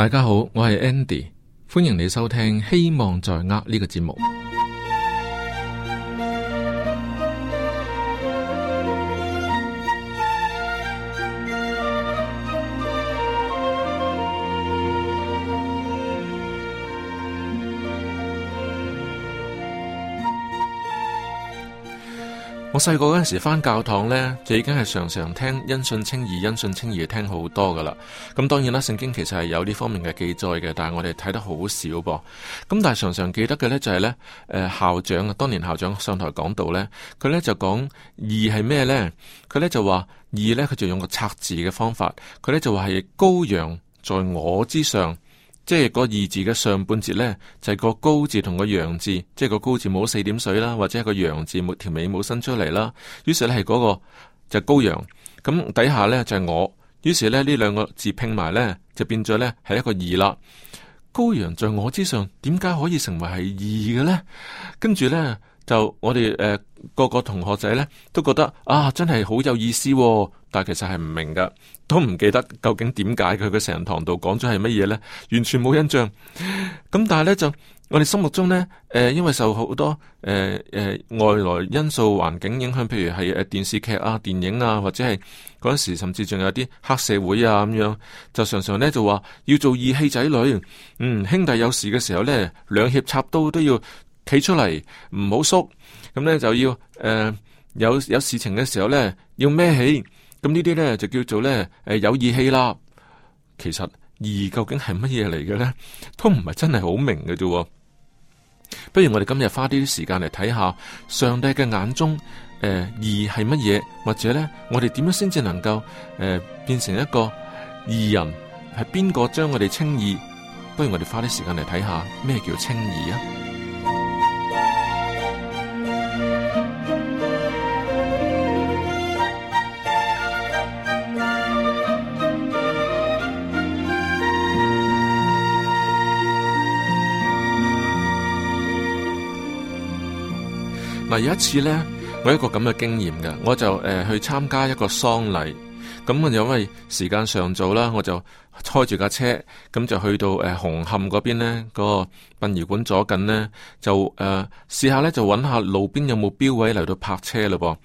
大家好，我係 Andy，歡迎你收聽《希望在握》呢個節目。細個嗰陣時翻教堂呢，就已經係常常聽因信稱義、因信稱義聽好多噶啦。咁當然啦，聖經其實係有呢方面嘅記載嘅，但係我哋睇得好少噃。咁但係常常記得嘅呢、就是，就係呢誒校長啊，當年校長上台講道呢，佢呢就講義係咩呢？」佢呢就話義呢，佢就，就用個拆字嘅方法，佢呢就係羔羊在我之上。即係個義字嘅上半截呢，就係、是、個羔字同個羊字，即係個羔字冇四點水啦，或者個羊字冇條尾冇伸出嚟啦。於是呢、那個，係嗰個就係、羔羊，咁底下呢，就係、是、我。於是呢，呢兩個字拼埋呢，就變咗呢，係一個義啦。羔羊在我之上，點解可以成為係義嘅呢？跟住呢，就我哋誒，個、呃、個同學仔呢，都覺得啊，真係好有意思、哦。但其實係唔明噶，都唔記得究竟點解佢嘅成人堂度講咗係乜嘢呢，完全冇印象。咁、嗯、但係呢，就我哋心目中呢，誒、呃、因為受好多誒誒、呃呃、外來因素環境影響，譬如係誒電視劇啊、電影啊，或者係嗰陣時甚至仲有啲黑社會啊咁樣，就常常呢就話要做義氣仔女，嗯兄弟有事嘅時候呢，兩脅插刀都要企出嚟，唔好縮，咁、嗯、呢，就要誒、呃、有有，有事情嘅時候呢，要孭起。咁呢啲咧就叫做咧誒、呃、有義氣啦。其實義究竟係乜嘢嚟嘅咧，都唔係真係好明嘅啫。不如我哋今日花啲時間嚟睇下上帝嘅眼中誒義係乜嘢，或者咧我哋點樣先至能夠誒、呃、變成一個義人？係邊個將我哋稱義？不如我哋花啲時間嚟睇下咩叫稱義啊！嗱，有、啊，一次呢，我有一個咁嘅經驗嘅，我就誒、呃、去參加一個喪禮，咁、嗯、我因為時間尚早啦，我就開住架車，咁、嗯、就去到誒、呃、紅磡嗰邊呢、那個殯儀館左近呢，就誒試、呃、下呢，就揾下路邊有冇標位嚟到泊車咯噃。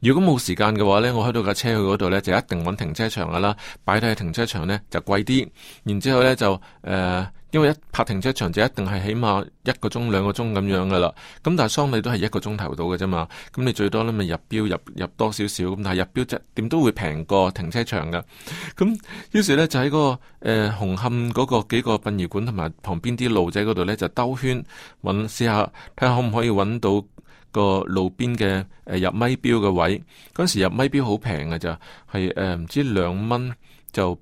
如果冇時間嘅話呢，我開到架車去嗰度呢，就一定揾停車場噶啦，擺低喺停車場呢，就貴啲，然之後呢就誒。呃因為一泊停車場就一定係起碼一個鐘兩個鐘咁樣噶啦，咁但係喪禮都係一個鐘頭到嘅啫嘛，咁你最多咧咪入標入入多少少咁，但係入標即點都會平過停車場噶，咁於是咧就喺嗰、嗰個誒、呃、紅磡嗰個幾個殯儀館同埋旁邊啲路仔嗰度咧就兜圈揾試下，睇下可唔可以揾到個路邊嘅誒入咪標嘅位，嗰時入咪標好平嘅咋，係誒唔知兩蚊就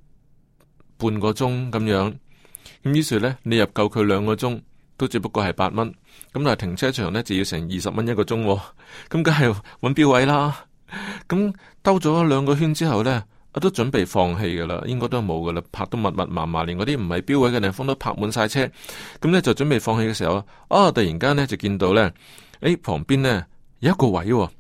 半個鐘咁樣。咁於是咧，你入夠佢兩個鐘，都只不過係八蚊。咁但係停車場咧，就要成二十蚊一個鐘，哦。咁梗係揾標位啦。咁兜咗兩個圈之後咧，我都準備放棄嘅啦，應該都冇嘅啦，拍都密密麻麻，連嗰啲唔係標位嘅地方都拍滿晒車。咁、嗯、咧就準備放棄嘅時候，啊！突然間咧就見到咧，誒旁邊咧有一個位，啊，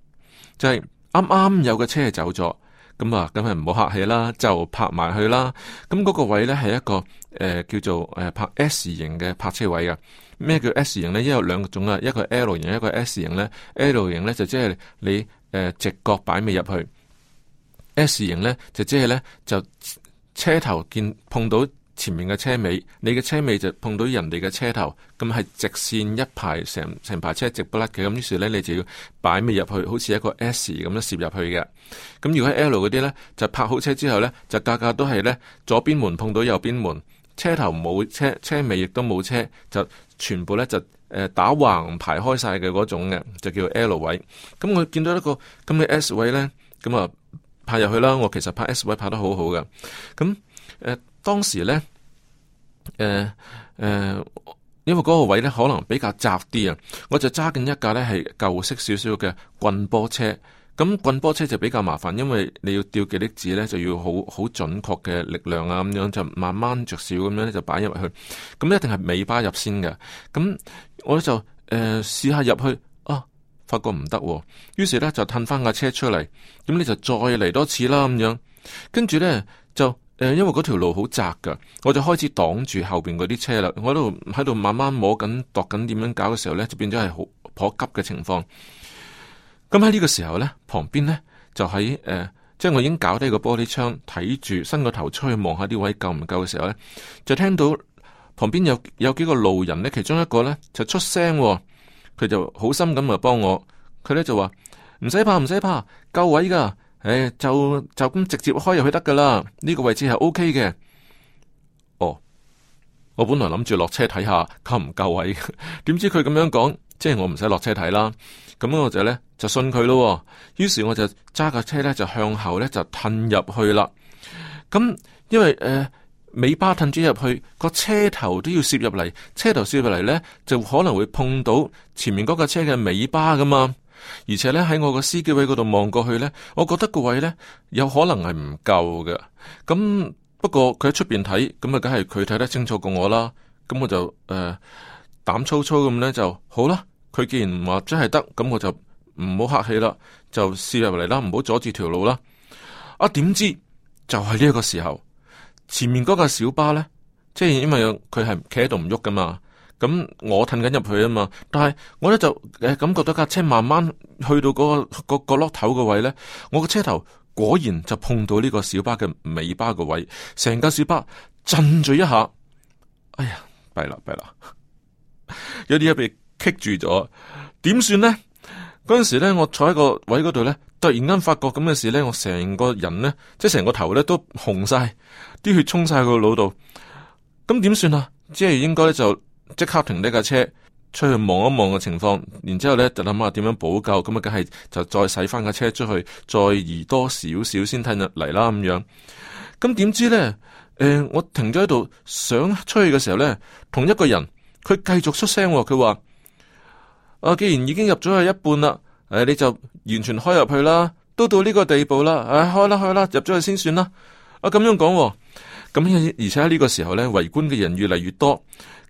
就係啱啱有個車走咗。咁、嗯、啊，咁係唔好客氣啦，就拍埋去啦。咁、那、嗰個位咧係一個。誒、呃、叫做誒、呃、拍 S 型嘅泊車位嘅。咩叫 S 型咧？因為有兩個種啊，一個 L 型，一個 S 型咧。L 型呢，就即、是、係你誒、呃、直角擺尾入去，S 型呢，就即、是、係呢，就車頭見碰到前面嘅車尾，你嘅車尾就碰到人哋嘅車頭，咁係直線一排成成排車直不甩嘅。咁於是呢，你就要擺尾入去，好似一個 S 咁樣攝入去嘅。咁如果喺 L 嗰啲呢，就泊好車之後呢，就架架都係呢，左邊門碰到右邊門。車頭冇車，車尾亦都冇車，就全部咧就、誒打橫排開晒嘅嗰種嘅，就叫 L 位。咁我見到一個咁嘅 S 位咧，咁啊拍入去啦。我其實拍 S 位拍得好好㗎。咁、誒、呃，當時咧誒、誒，因為嗰個位咧可能比較窄啲啊，我就揸緊一架咧係舊式少少嘅棍波車。咁棍波車就比較麻煩，因為你要吊幾多嘅力子咧，就要好好準確嘅力量啊，咁樣就慢慢着少咁樣咧，就擺入去。咁一定係尾巴入先嘅。咁我就誒、呃、試下入去，啊，發覺唔得、啊。於是咧就褪翻架車出嚟。咁你就再嚟多次啦，咁樣。跟住咧就誒、呃，因為嗰條路好窄嘅，我就開始擋住後邊嗰啲車啦。我喺度喺度慢慢摸緊、度緊點樣搞嘅時候咧，就變咗係好頗急嘅情況。咁喺呢個時候咧，旁邊咧就喺誒、呃，即係我已經搞低個玻璃窗，睇住，伸個頭出去望下啲位夠唔夠嘅時候咧，就聽到旁邊有有幾個路人咧，其中一個咧就出聲，哦，佢就好心咁啊幫我，佢咧就話唔使怕，唔使怕，夠位噶，誒、哎，就就咁直接開入去得噶啦，呢個位置係 OK 嘅。哦，我本來諗住落車睇下夠唔夠位，點知佢咁樣講。即係我唔使落車睇啦，咁我就呢，就信佢咯。於是我就揸架車呢，就向後呢，就褪入去啦。咁因為誒、呃、尾巴褪咗入去，個車頭都要攝入嚟，車頭攝入嚟呢，就可能會碰到前面嗰架車嘅尾巴噶嘛。而且呢，喺我個司機位嗰度望過去呢，我覺得個位呢，有可能係唔夠嘅。咁不過佢喺出邊睇，咁啊梗係佢睇得清楚過我啦。咁我就誒膽、呃、粗粗咁呢，就好啦。佢既然話真係得，咁我就唔好客氣啦，就試入嚟啦，唔好阻住條路啦。啊，點知就係呢一個時候，前面嗰架小巴咧，即係因為佢係企喺度唔喐噶嘛，咁我褪緊入去啊嘛。但係我咧就誒感覺到架車慢慢去到嗰、嗰個、嗰個角落頭個位咧，我個車頭果然就碰到呢個小巴嘅尾巴個位，成架小巴震咗一下。哎呀，弊啦弊啦， 有啲入棘住咗，點算呢？嗰陣時咧，我坐喺個位嗰度咧，突然間發覺咁嘅事咧，我成個人咧，即係成個頭咧都紅晒，啲血衝晒個腦度。咁點算啊？即係應該就即刻停呢架車，出去望一望嘅情況，然之後咧就諗下點樣補救。咁啊，梗係就再駛翻架車出去，再移多少少先睇入嚟啦咁樣。咁點知咧？誒、呃，我停咗喺度想出去嘅時候咧，同一個人佢繼續出聲，佢話。啊！既然已經入咗去一半啦，誒、哎，你就完全開入去啦，都到呢個地步啦，誒、哎，開啦，開啦，入咗去先算啦。啊，咁樣講、哦，咁而且呢個時候呢，圍觀嘅人越嚟越多，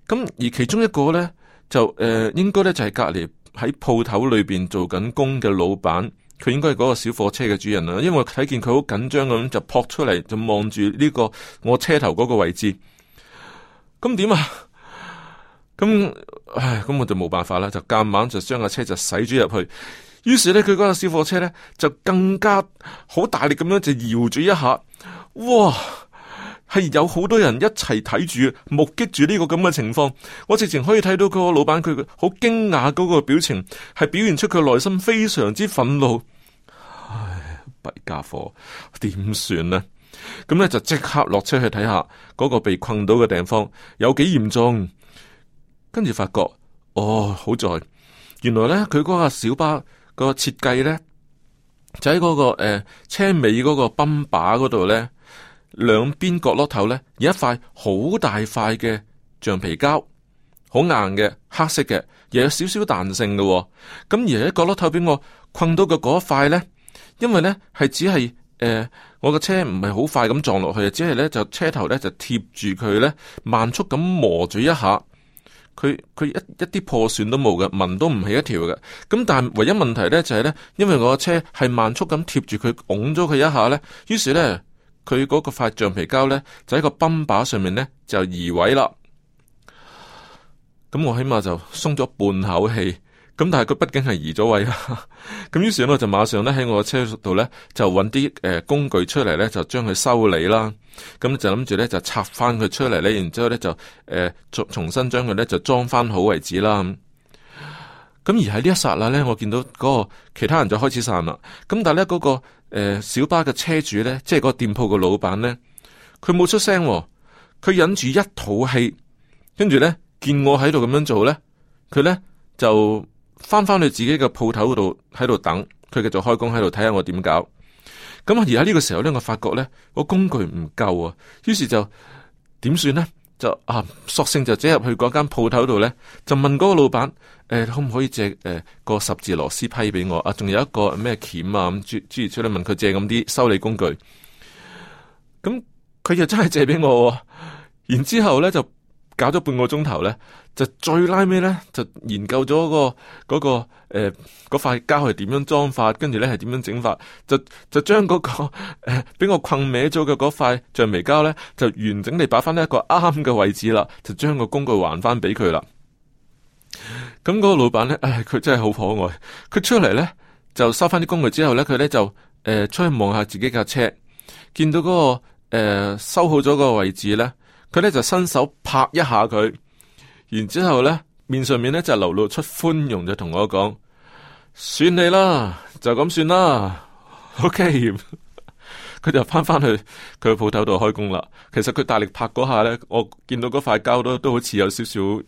咁而其中一個呢，就誒、呃，應該咧就係隔籬喺鋪頭裏邊做緊工嘅老闆，佢應該係嗰個小貨車嘅主人啦，因為睇見佢好緊張咁就撲出嚟，就望住呢個我車頭嗰個位置，咁點啊？咁唉，咁我就冇辦法啦，就夾硬就將架車就駛咗入去。於是呢，佢嗰架小貨車呢，就更加好大力咁樣就搖住一下，哇！係有好多人一齊睇住、目擊住呢個咁嘅情況，我直情可以睇到個老闆佢好驚訝嗰個表情，係表現出佢內心非常之憤怒。唉，弊家伙，點算呢？咁呢，就即刻落車去睇下嗰個被困到嘅地方有幾嚴重。跟住發覺，哦，好在原來呢，佢嗰個小巴個設計呢，就喺嗰、那個誒、呃、車尾嗰個泵把嗰度呢，兩邊角落頭呢，有一塊好大塊嘅橡皮膠，好硬嘅，黑色嘅，又有少少彈性嘅、哦。咁、嗯、而喺角落頭俾我困到嘅嗰一塊咧，因為呢，係只係誒、呃、我個車唔係好快咁撞落去，只係呢，就車頭呢，就貼住佢呢，慢速咁磨咗一下。佢佢一一啲破損都冇嘅，紋都唔係一條嘅。咁但係唯一問題咧就係、是、咧，因為我個車係慢速咁貼住佢，拱咗佢一下咧，於是咧佢嗰個塊橡皮膠咧就喺個泵把上面咧就移位啦。咁我起碼就鬆咗半口氣。咁但係佢畢竟係移咗位啦，咁 於是我就馬上咧喺我嘅車度咧就揾啲誒工具出嚟咧就將佢修理啦，咁、嗯、就諗住咧就拆翻佢出嚟咧，然之後咧就誒重、呃、重新將佢咧就裝翻好為止啦。咁、嗯、而喺呢一剎那咧，我見到嗰個其他人就開始散啦。咁、嗯、但係咧嗰個誒、呃、小巴嘅車主咧，即係個店鋪嘅老闆咧，佢冇出聲、哦，佢忍住一肚氣，跟住咧見我喺度咁樣做咧，佢咧就。就就就就就翻翻去自己嘅鋪頭度喺度等，佢繼續開工喺度睇下我點搞。咁而家呢個時候咧，我發覺咧個工具唔夠啊，於是就點算呢？就啊，索性就走入去嗰間鋪頭度咧，就問嗰個老闆，誒、欸、可唔可以借誒、欸、個十字螺絲批俾我？啊，仲有一個咩鉗啊咁，諸諸如此類，問佢借咁啲修理工具。咁佢又真係借俾我，啊、然之後咧就。搞咗半個鐘頭咧，就最拉尾咧，就研究咗、那個嗰、那個誒嗰塊膠係點樣裝法，跟住咧係點樣整法，就就將嗰、那個誒俾、呃、我困歪咗嘅嗰塊橡皮膠咧，就完整地擺翻一個啱嘅位置啦，就將個工具還翻俾佢啦。咁嗰個老闆咧，唉，佢真係好可愛。佢出嚟咧，就收翻啲工具之後咧，佢咧就誒、呃、出去望下自己架車，見到嗰、那個誒、呃、收好咗個位置咧。佢咧就伸手拍一下佢，然之後咧面上面咧就流露出寬容，就同我講：算你啦，就咁算啦。OK，佢就翻翻去佢嘅鋪頭度開工啦。其實佢大力拍嗰下咧，我見到嗰塊膠都都好似有少少喐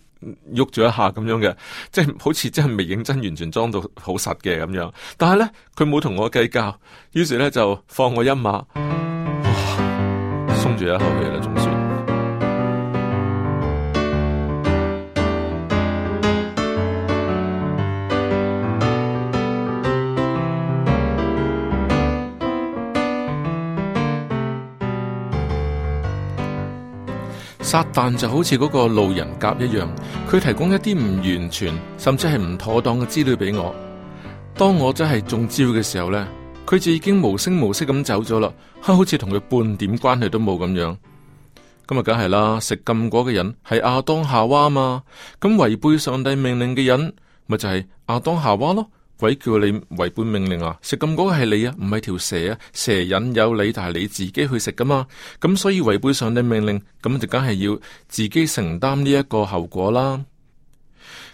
咗一下咁樣嘅，即係好似真係未認真完全裝到好實嘅咁樣。但係咧，佢冇同我計較，於是咧就放我一馬，哇，鬆住一口氣啦，總算。阿但就好似嗰個路人甲一樣，佢提供一啲唔完全，甚至係唔妥當嘅資料俾我。當我真係中招嘅時候呢，佢就已經無聲無息咁走咗啦，好似同佢半點關係都冇咁樣。咁啊，梗係啦，食禁果嘅人係亞當夏娃嘛，咁違背上帝命令嘅人咪就係亞當夏娃咯。鬼叫你違背命令啊！食咁嗰個係你啊，唔係條蛇啊！蛇引誘你，但係你自己去食噶嘛。咁所以違背上帝命令，咁就梗係要自己承擔呢一個後果啦。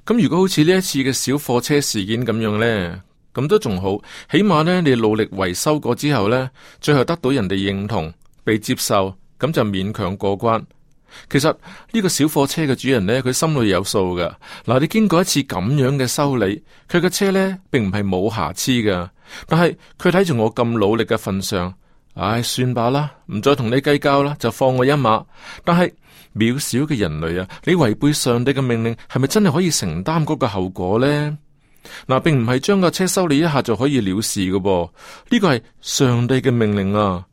咁如果好似呢一次嘅小貨車事件咁樣呢，咁都仲好，起碼呢你努力維修過之後呢，最後得到人哋認同、被接受，咁就勉強過關。其實呢個小貨車嘅主人呢，佢心裏有數噶。嗱，你經過一次咁樣嘅修理，佢嘅車呢並唔係冇瑕疵噶。但係佢睇住我咁努力嘅份上，唉，算吧啦，唔再同你計較啦，就放我一馬。但係渺小嘅人類啊，你違背上帝嘅命令，係咪真係可以承擔嗰個後果呢？嗱，並唔係將個車修理一下就可以了事噶噃。呢個係上帝嘅命令啊！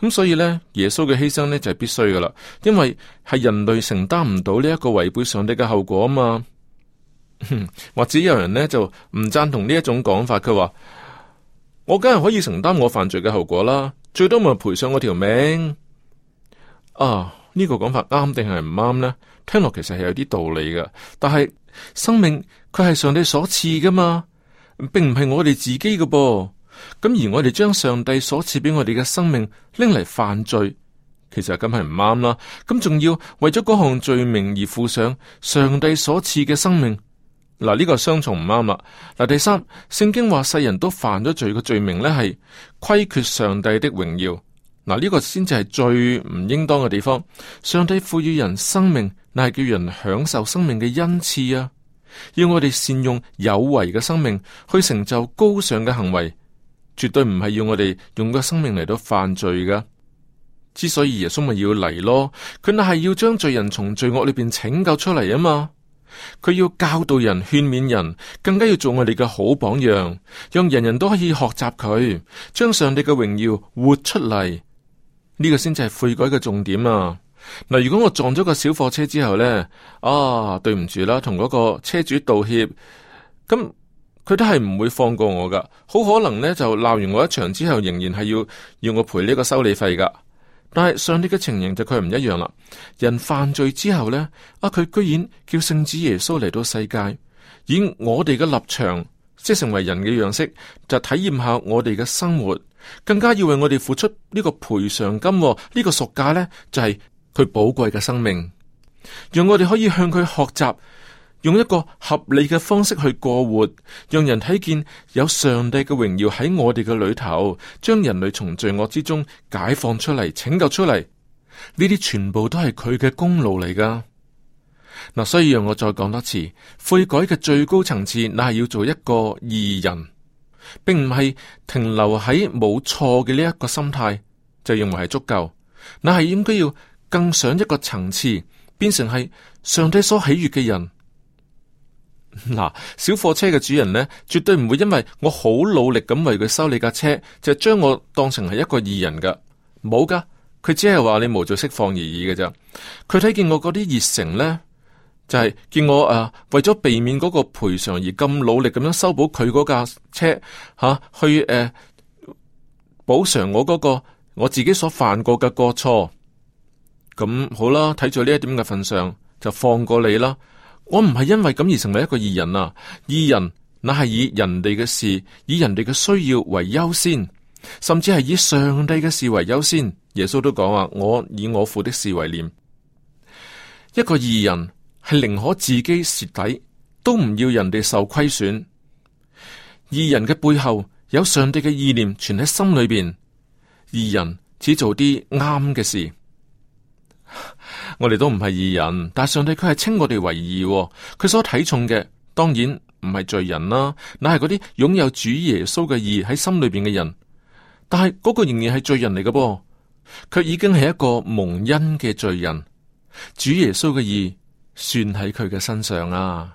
咁所以咧，耶穌嘅犧牲咧就係、是、必須噶啦，因為係人類承擔唔到呢一個違背上帝嘅後果啊嘛。 或者有人咧就唔贊同呢一種講法，佢話我梗係可以承擔我犯罪嘅後果啦，最多咪賠上我條命啊！呢、這個講法啱定係唔啱呢？聽落其實係有啲道理噶，但係生命佢係上帝所賜噶嘛，並唔係我哋自己噶噃。咁而我哋將上帝所賜俾我哋嘅生命拎嚟犯罪，其實咁係唔啱啦。咁仲要為咗嗰項罪名而負上上帝所賜嘅生命，嗱呢個雙重唔啱啦。嗱第三，聖經話世人都犯咗罪，個罪名呢係虧缺上帝的榮耀。嗱呢個先至係最唔應當嘅地方。上帝賦予人生命，乃係叫人享受生命嘅恩賜啊！要我哋善用有為嘅生命，去成就高尚嘅行為。絕對唔係要我哋用個生命嚟到犯罪噶。之所以耶穌咪要嚟咯，佢係要將罪人從罪惡裏邊拯救出嚟啊嘛。佢要教導人、勸勉人，更加要做我哋嘅好榜樣，讓人人都可以學習佢，將上帝嘅榮耀活出嚟。呢個先至係悔改嘅重點啊！嗱，如果我撞咗個小貨車之後呢，啊，對唔住啦，同嗰個車主道歉，咁。佢都係唔會放過我噶，好可能呢，就鬧完我一場之後，仍然係要要我賠呢個修理費噶。但係上帝嘅情形就佢唔一樣啦。人犯罪之後呢，啊佢居然叫聖子耶穌嚟到世界，以我哋嘅立場即成為人嘅樣式，就體驗下我哋嘅生活，更加要為我哋付出呢個賠償金呢，哦呢個贖價呢，就係佢寶貴嘅生命，讓我哋可以向佢學習。用一個合理嘅方式去過活，讓人睇見有上帝嘅榮耀喺我哋嘅裏頭，將人類從罪惡之中解放出嚟，拯救出嚟。呢啲全部都係佢嘅功勞嚟㗎。嗱，所以讓我再講多次，悔改嘅最高層次，那係要做一個義人，並唔係停留喺冇錯嘅呢一個心態就認為係足夠。那係應該要更上一個層次，變成係上帝所喜悅嘅人。嗱，小貨車嘅主人呢，絕對唔會因為我好努力咁為佢修你，車、就是你就是啊、收架車，就、啊、將、啊、我當成係一個異人噶，冇噶，佢只係話你無罪釋放而已嘅咋，佢睇見我嗰啲熱誠呢，就係見我誒為咗避免嗰個賠償而咁努力咁樣修補佢嗰架車，吓去誒補償我嗰個我自己所犯過嘅過錯。咁好啦，睇在呢一點嘅份上，就放過你啦。我唔係因為咁而成為一個義人啊！義人那係以人哋嘅事，以人哋嘅需要為優先，甚至係以上帝嘅事為優先。耶穌都講啊，我以我父的事為念。一個義人係寧可自己蝕底，都唔要人哋受虧損。義人嘅背後有上帝嘅意念存喺心裏面，義人只做啲啱嘅事。我哋都唔係義人，但係上帝佢係稱我哋為義，哦，佢所睇重嘅當然唔係罪人啦，乃係嗰啲擁有主耶穌嘅義喺心裏邊嘅人。但係嗰個仍然係罪人嚟嘅噃，佢已經係一個蒙恩嘅罪人。主耶穌嘅義算喺佢嘅身上啊！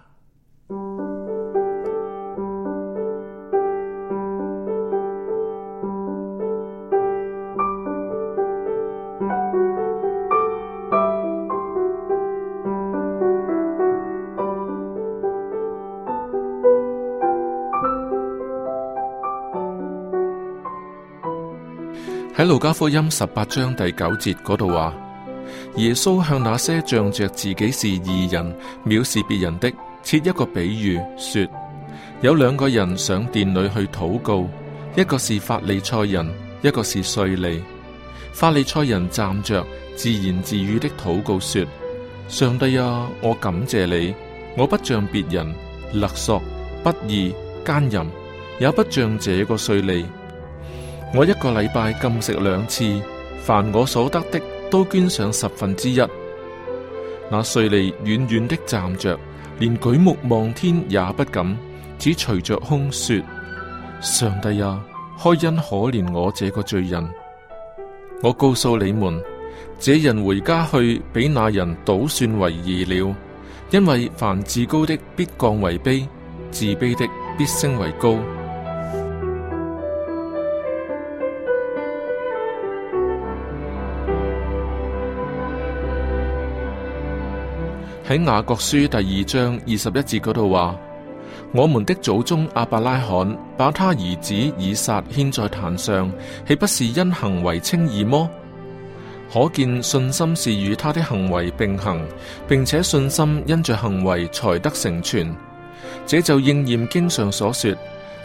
喺路加福音十八章第九節嗰度話，耶穌向那些仗着自己是義人藐視別人的，設一個比喻，說有兩個人上殿裏去禱告，一個是法利賽人，一個是稅吏。」法利賽人站着自言自語的禱告說：上帝呀、啊，我感謝你，我不像別人勒索不義姦淫，也不像這個稅吏。」我一個禮拜禁食兩次，凡我所得的都捐上十分之一。那稅吏遠遠的站着，連舉目望天也不敢，只垂着胸說：上帝啊，開恩可憐我這個罪人！我告訴你們，這人回家去，比那人倒算為義了，因為凡自高的必降為卑，自卑的必升為高。喺雅各書第二章二十一節嗰度話：我們的祖宗阿伯拉罕把他兒子以撒獻在壇上，豈不是因行為稱義麼？可見信心是與他的行為並行，並且信心因着行為才得成全。這就應驗經上所說：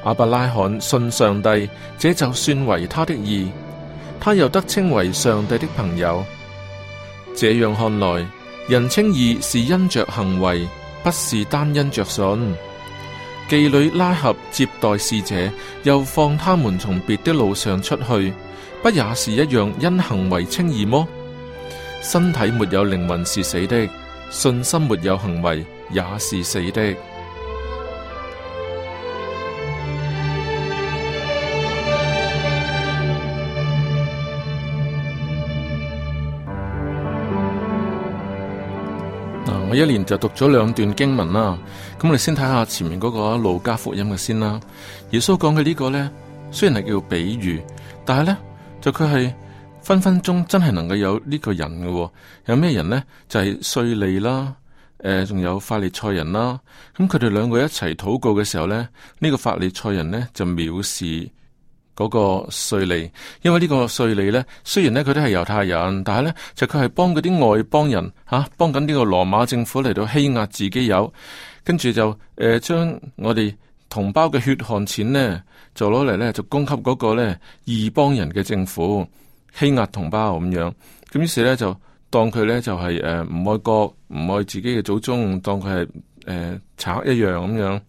阿伯拉罕信上帝，這就算為他的義，他又得稱為上帝的朋友。這樣看來，人稱義是因着行為，不是單因着信。妓女喇合接待使者，又放他們從別的路上出去，不也是一樣因行為稱義麼？身體沒有靈魂是死的，信心沒有行為也是死的。一年就讀咗兩段經文啦，咁我哋先睇下前面嗰、那個、啊、路加福音嘅先啦。耶穌講嘅呢個咧，雖然係叫比喻，但係咧就佢係分分鐘真係能夠有呢個人嘅、哦，有咩人咧就係、是、稅吏啦，誒、呃、仲有法利賽人啦，咁佢哋兩個一齊禱告嘅時候咧，呢、這個法利賽人咧就藐視。嗰個稅吏，因為呢個稅吏咧，雖然咧佢都係猶太人，但係咧就佢係幫嗰啲外邦人吓，幫緊呢個羅馬政府嚟到欺壓自己有，跟住就誒將、呃、我哋同胞嘅血汗錢呢，就攞嚟咧就供給嗰個咧異邦人嘅政府欺壓同胞咁樣，咁於是咧就當佢咧就係誒唔愛國、唔愛自己嘅祖宗，當佢係誒賊一樣咁樣，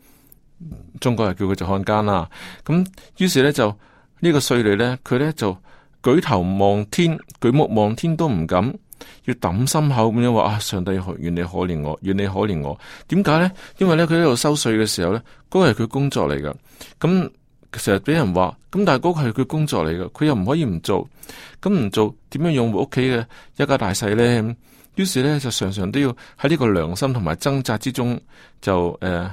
中國係叫佢做漢奸啦，咁於是咧就。個呢個稅吏咧，佢咧就舉頭望天，舉目望天都唔敢，要抌心口咁樣話啊！上帝，願你可憐我，願你可憐我。點解咧？因為咧佢喺度收稅嘅時候咧，嗰個係佢工作嚟噶。咁成日俾人話，咁但係嗰個係佢工作嚟噶，佢又唔可以唔做。咁唔做，點樣養活屋企嘅一家大細咧？於是咧就常常都要喺呢個良心同埋掙扎之中，就誒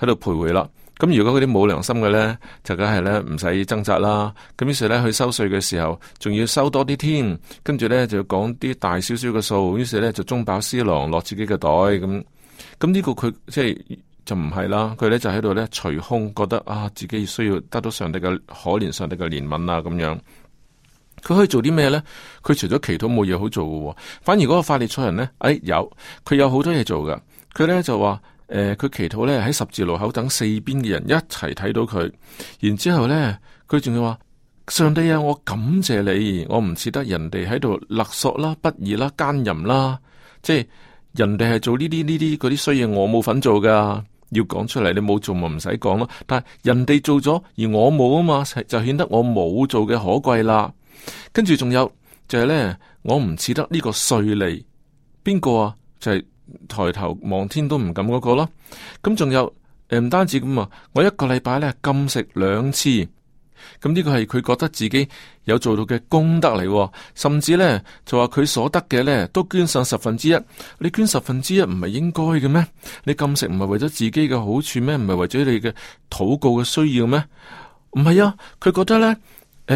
喺度徘徊啦。咁如果嗰啲冇良心嘅咧，就梗係咧唔使掙扎啦。咁於是咧，佢收稅嘅時候，仲要收多啲添，跟住咧就要講啲大少少嘅數，於是咧就中飽私囊，落自己嘅袋咁。咁呢個佢即係就唔係啦，佢咧就喺度咧捶胸，覺得啊自己需要得到上帝嘅可憐，上帝嘅憐憫啊咁樣。佢可以做啲咩咧？佢除咗祈禱冇嘢好做嘅，反而嗰個法利賽人咧，哎有，佢有好多嘢做噶。佢咧就話。誒，佢、呃、祈禱咧喺十字路口等四邊嘅人一齊睇到佢，然之後咧佢仲要話：上帝啊，我感謝你，我唔似得人哋喺度勒索啦、不義啦、奸淫啦，即係人哋係做呢啲呢啲嗰啲衰嘢，我冇份做噶，要講出嚟，你冇做咪唔使講咯。但係人哋做咗，而我冇啊嘛，就顯得我冇做嘅可貴啦。跟住仲有就係、是、咧，我唔似得呢個稅吏邊個啊？就係、是。抬頭望天都唔敢嗰個咯，咁仲有誒，唔單止咁啊，我一個禮拜咧禁食兩次，咁呢個係佢覺得自己有做到嘅功德嚟，甚至咧就話佢所得嘅，咧都捐上十分之一，你捐十分之一唔係應該嘅咩？你禁食唔係為咗自己嘅好處咩？唔係為咗你嘅禱告嘅需要咩？唔係啊，佢覺得咧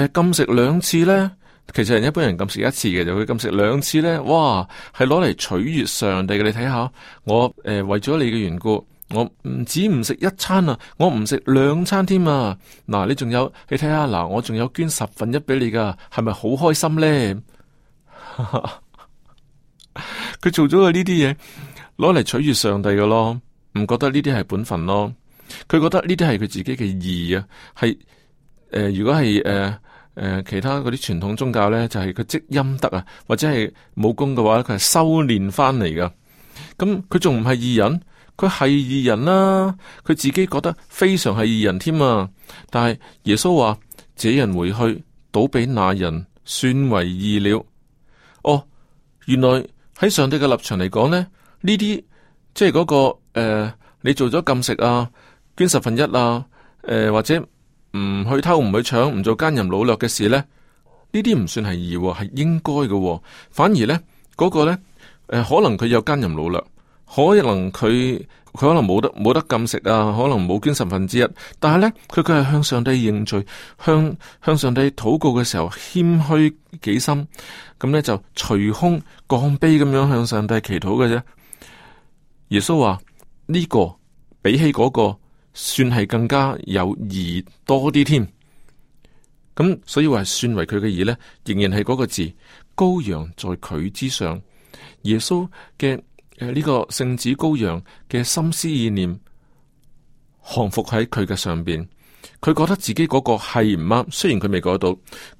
誒禁食兩次咧。其實人，一般人禁食一次嘅，就佢禁食兩次咧，哇，係攞嚟取悅上帝嘅。你睇下，我誒、呃、為咗你嘅緣故，我唔止唔食一餐啊，我唔食兩餐添啊。嗱，你仲有，你睇下嗱，我仲有捐十分一俾你噶，係咪好開心咧？佢 做咗嘅呢啲嘢，攞嚟取悅上帝嘅咯，唔覺得呢啲係本分咯？佢覺得呢啲係佢自己嘅義啊，係誒、呃，如果係誒。呃誒，其他嗰啲傳統宗教咧，就係佢積陰德啊，或者係武功嘅話，佢係修煉翻嚟噶。咁佢仲唔係義人？佢係義人啦，啊，佢自己覺得非常係義人添啊。但係耶穌話：這人回去，倒俾那人算為義了。哦，原來喺上帝嘅立場嚟講呢，呢啲即係嗰，那個誒、呃，你做咗禁食啊，捐十分一啊，誒、呃、或者。唔去偷，唔去搶，唔做奸淫擄掠嘅事呢？呢啲唔算係義，係應該嘅。反而呢，嗰個呢，誒，可能佢有奸淫擄掠，可能佢佢可能冇得冇得禁食啊，可能冇捐十分之一，但係呢，佢佢係向上帝認罪，向向上帝禱告嘅時候謙虛己深。咁呢，就除空降卑咁樣向上帝祈禱嘅啫。耶穌話呢個比起嗰個。算係更加有義多啲添，咁所以話算為佢嘅義呢，仍然係嗰個字羔羊在佢之上。耶穌嘅呢、呃呢個聖子羔羊嘅心思意念，降服喺佢嘅上邊。佢覺得自己嗰個係唔啱，雖然佢未改到，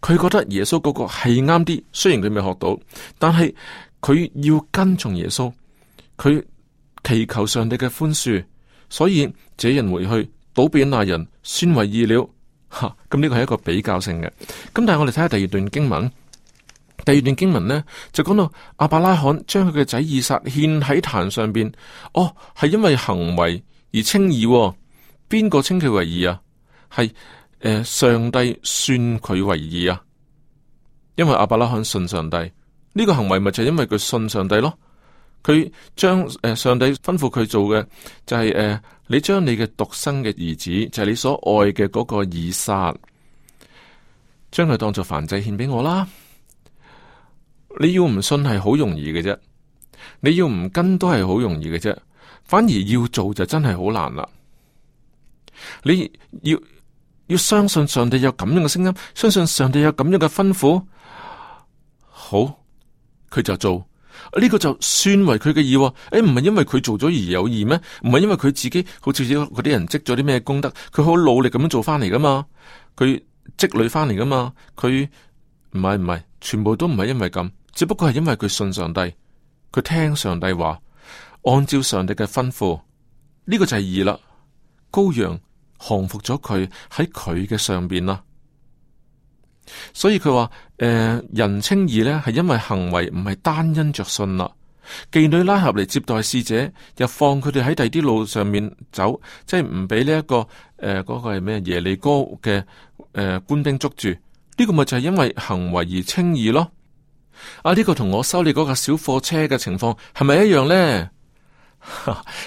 佢覺得耶穌嗰個係啱啲，雖然佢未學到，但係佢要跟從耶穌，佢祈求上帝嘅寬恕。所以這人回去，倒比那人，算為義了。吓，咁呢個係一個比較性嘅。咁但係我哋睇下第二段經文，第二段經文呢就講到亞伯拉罕將佢嘅仔以撒獻喺壇上邊。哦，係因為行為而義、哦、稱義。邊個稱佢為義啊？係誒、呃、上帝算佢為義啊？因為亞伯拉罕信上帝，呢、呢個行為咪就係因為佢信上帝咯。佢將誒上帝吩咐佢做嘅就係、是、誒、呃、你將你嘅獨生嘅兒子就係、是、你所愛嘅嗰個以撒，將佢當做燔祭獻俾我啦。你要唔信係好容易嘅啫，你要唔跟都係好容易嘅啫，反而要做就真係好難啦。你要要相信上帝有咁樣嘅聲音，相信上帝有咁樣嘅吩咐，好，佢就做。呢個就算為佢嘅義，誒唔係因為佢做咗而有義咩？唔係因為佢自己好似嗰啲人積咗啲咩功德，佢好努力咁樣做翻嚟噶嘛？佢積累翻嚟噶嘛？佢唔係唔係，全部都唔係因為咁，只不過係因為佢信上帝，佢聽上帝話，按照上帝嘅吩咐，呢個就係義啦。羔羊降服咗佢喺佢嘅上邊啦。所以佢話，誒，人稱義咧，係因為行為，唔係單因着信啦，妓女喇合嚟，接待使者，又放佢哋喺第啲路上面走，即係唔俾呢一個誒、呃那個係咩耶利哥嘅誒、呃、官兵捉住呢，這個咪就係因為行為而稱義咯？啊呢，這個同我修理嗰架小貨車嘅情況係咪一樣呢？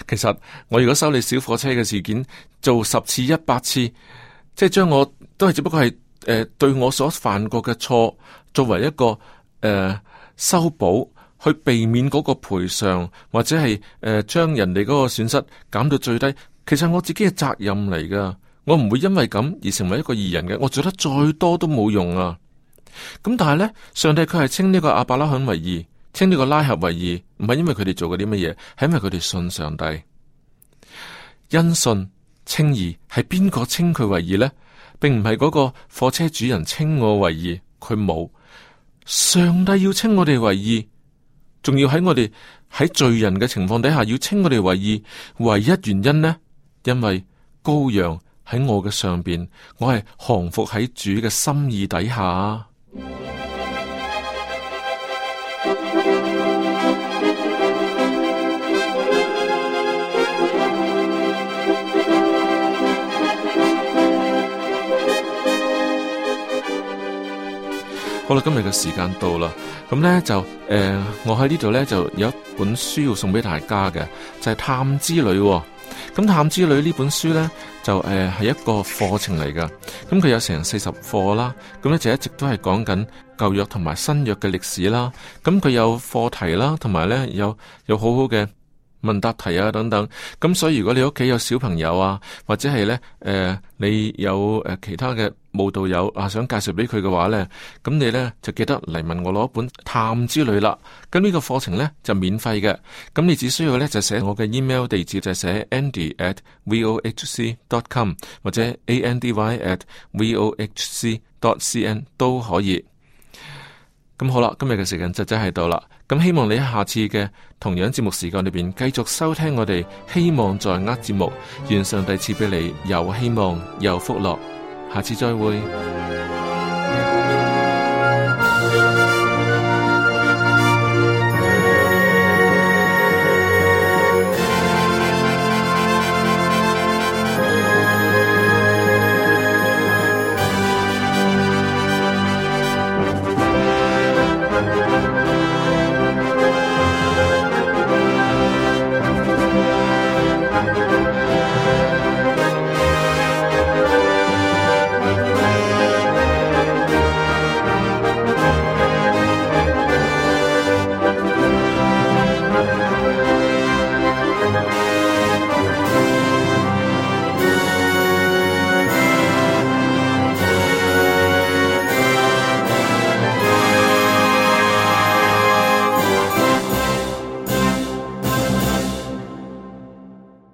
其實我如果修理小貨車嘅事件做十次一百次，即係將我都係只不過係。誒，對我所犯過嘅錯，作為一個誒、呃、修補，去避免嗰個賠償，或者係誒將人哋嗰個損失減到最低，其實我自己嘅責任嚟噶，我唔會因為咁而成為一個義人嘅，我做得再多都冇用啊。咁但係呢，上帝佢係稱呢個亞伯拉罕為義，稱呢個拉合為義，唔係因為佢哋做過啲乜嘢，係因為佢哋信上帝。因信稱義，係邊個稱佢為義呢？並唔係嗰個貨車主人稱我為義，佢冇。上帝要稱我哋為義，仲要喺我哋喺罪人嘅情況底下要稱我哋為義，唯一原因呢？因為羔羊喺我嘅上邊，我係降服喺主嘅心意底下。好啦，今日嘅時間到啦，咁呢，就誒我喺呢度呢，就有一本書要送俾大家嘅，就係探之旅。咁探之旅呢本書呢，就誒係一個課程嚟嘅，咁佢有成四十課啦，咁呢，就一直都係講緊舊約同埋新約嘅歷史啦，咁佢有課題啦，同埋呢，有有好好嘅。問答題啊，等等。咁所以如果你屋企有小朋友啊，或者係呢，誒、呃，你有誒其他嘅慕道友啊，想介紹俾佢嘅話呢，咁你呢就記得嚟問我攞一本《探之旅》啦。咁呢個課程呢就免費嘅。咁你只需要呢就寫我嘅 email 地址，就寫 andy at vohc dot com 或者 a n d y at vohc dot c n 都可以。咁好啦，今日嘅時間就真係到啦。咁希望你喺下次嘅同樣節目時間裏邊繼續收聽我哋希望在握節目，願上帝賜俾你又希望又福樂，下次再會。